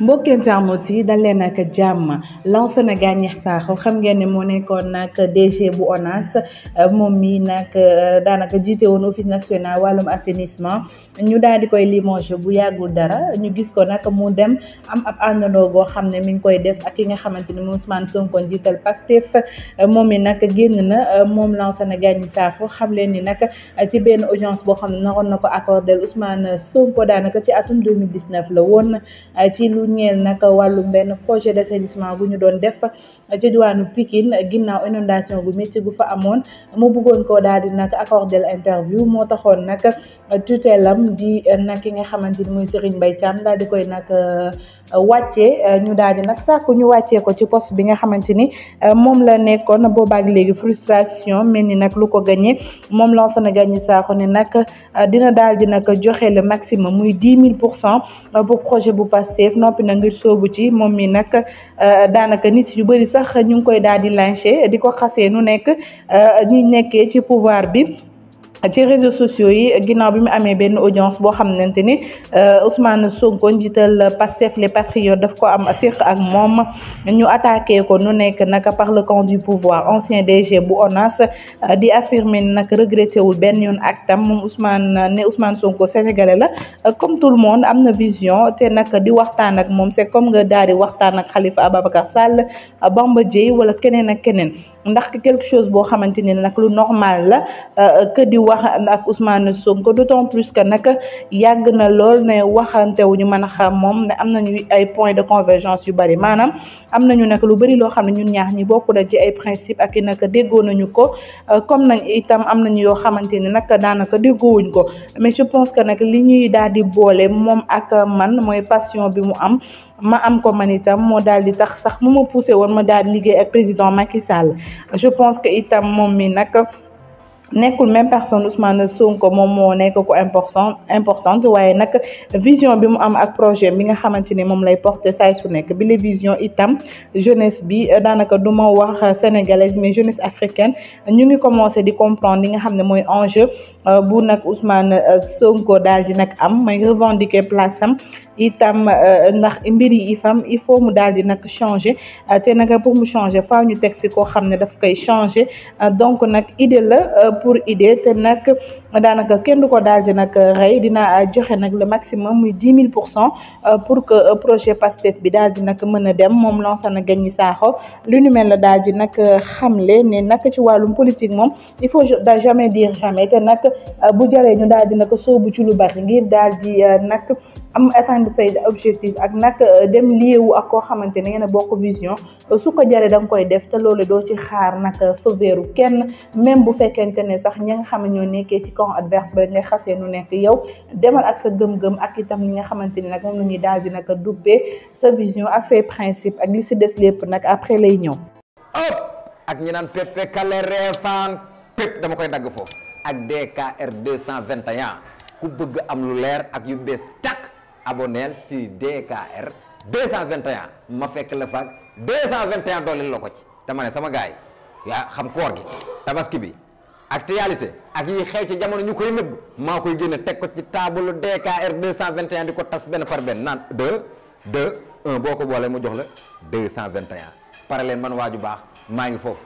mbokk internautes yi dal leen ak jàmm Lansana Gagny Sakho xam ngeen ne moo nekkoon nag DG bu ONAS euh, moom mi nag euh, daanaka jiite woon office national wàllum assainissement ñu daal di koy limoger bu yàggul dara ñu gis ko nag mu dem am ab àndandoo goo xam ne mi ngi koy def ak ki nga xamante ni Ousmane Sonko jiital Pastef euh, moom mi nag génn na moom Lansana Gagny Sakho xam leen ni nag ci benn audience boo xam ne naroon na ko accordé Ousmane Sonko daanaka ci atum 2019 la woon ci ñeel nag wàllum benn projet de d'assainissement bu ñu doon def ci diwaanu Pikine ginnaaw inondation bu métti bu fa amoon mu bëggoon koo daal di nag accordel interview moo taxoon nag tutelam di nag ki nga xamante ni muy Serigne Mbaye Thiam daal di koy nag euh, wàccee ñu daal di nag sàkku ñu wàccee ko ci poste bi nga xamante ni euh, moom la nekkoon boobaak léegi frustration mel ni nag lu ko gagné moom Lansana Gagny Sakho ne nag euh, dina daal di nag joxe le maximum muy dix mille pour cent noppi na ngir soobu ci moom mi nag euh, daanaka nit yu bëri sax ñu ngi koy daal di lynché di ko xasee nu nekk euh, ñi nekkee ci pouvoir bi ci réseaux sociaux yi ginnaaw bi mu amee benn audience boo xamante ni euh, Ousmane Sonko njiital Pastef les patriotes daf ko am séq ak moom ñu attaqué ko nu nekk naka par le camp du pouvoir ancien DG bu ONAS euh, di affirmer nag regretté wul benn yoon ak tam moom ne Ousmane Sonko sénégalais la euh, comme tout le monde am na vision te nag di waxtaan ak moom c'est comme nga daal di waxtaan ak Khalifa Ababacar Sall Bamba Dièye wala keneen ak keneen ndax boo xamante ni nag lu la wax ak Ousmane Sonko d'autant plus que nag yàgg na lool ne waxante wu ñu mën a xam moom ne am nañu ay points de convergence yu bari maanaam am nañu nag lu bari loo xam ne ñun ñaax ñi bokk nañ ci ay principe ak i nag déggoo nañu ko comme nañ itam am nañu yoo xamante ni nag daanaka déggoowuñ ko mais je pense que nag li ñuy daal di boole moom ak man mooy passion bi mu am ma am ko man itam moo daal di tax sax mu ma poussé woon ma daal di liggéey ak président Macky je pense que itam moom mi nag nekkul même personne Ousmane Sonko moom moo nekk ko important importante waaye nag vision bi mu am ak projet bi nga xamante ni moom lay porter saay su nekk bi la vision itam jeunesse bi euh, daanaka du ma wax euh, sénégalaise mais jeunesse africaine ñu ngi commencé di comprendre li nga xam ne mooy enjeu euh, bu nag Ousmane Sonko daal di nag am may revendiquer place am itam ndax mbir yi fam il faut mu daal di nag changer te nag pour mu changer fa ñu teg fi koo xam ne daf koy changer pour idée te nag daanaka kenn du ko daal di nag rey dina joxe nag le maximum muy dix mille pour cent euh, pour que euh, projet Pastef bi dal di nag mën a dem moom Lansana Gagny Sakho lu nu mel la daal di nag le ne nag ci wàllum politique moom il faut da jamais dire jamais te nag euh, bu jaree ñu daal di nag sobu ci lu bari ngir daal di nag am atteindre say objectif ak nag dem liewu ak koo xamante ne ngeen a bokk vision su ko jëree da koy def te loolu doo ci xaar nag feu ne sax ñi nga xam ñoo nekkee ci camp adverse ba ngay xasee nu nekk yow demal ak sa gëm-gëm ak itam ñi nga xamante ni nag moom la ñuy daal di nag dubbee sa vision ak say principe ak li si des lépp nag après lay ñëw. ak ñi naan pepe kale reefaan pep dama koy dagg foofu ak DKR 221 ku bëgg am lu leer ak yu bees tàkk aboneel ci DKR 221 ma fekk la faag 221 dooleel la ko ci dama ne sama gaay yaa xam koor gi tabaski bi. ak réalité ak yi xew ci jamono ñu koy nëbb maa koy génne teg ko ci table DKR 221 di ko tas benn par benn naan 2 2 1 boo ko boolee mu jox la 221 par leen man waaju baax maa ngi foofu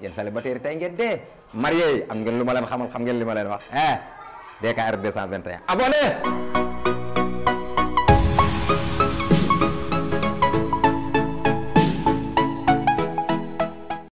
yéen célibataire tey ngeen dee marié yi am ngeen lu ma leen xamal xam ngeen li ma leen wax eh DKR 221 abonné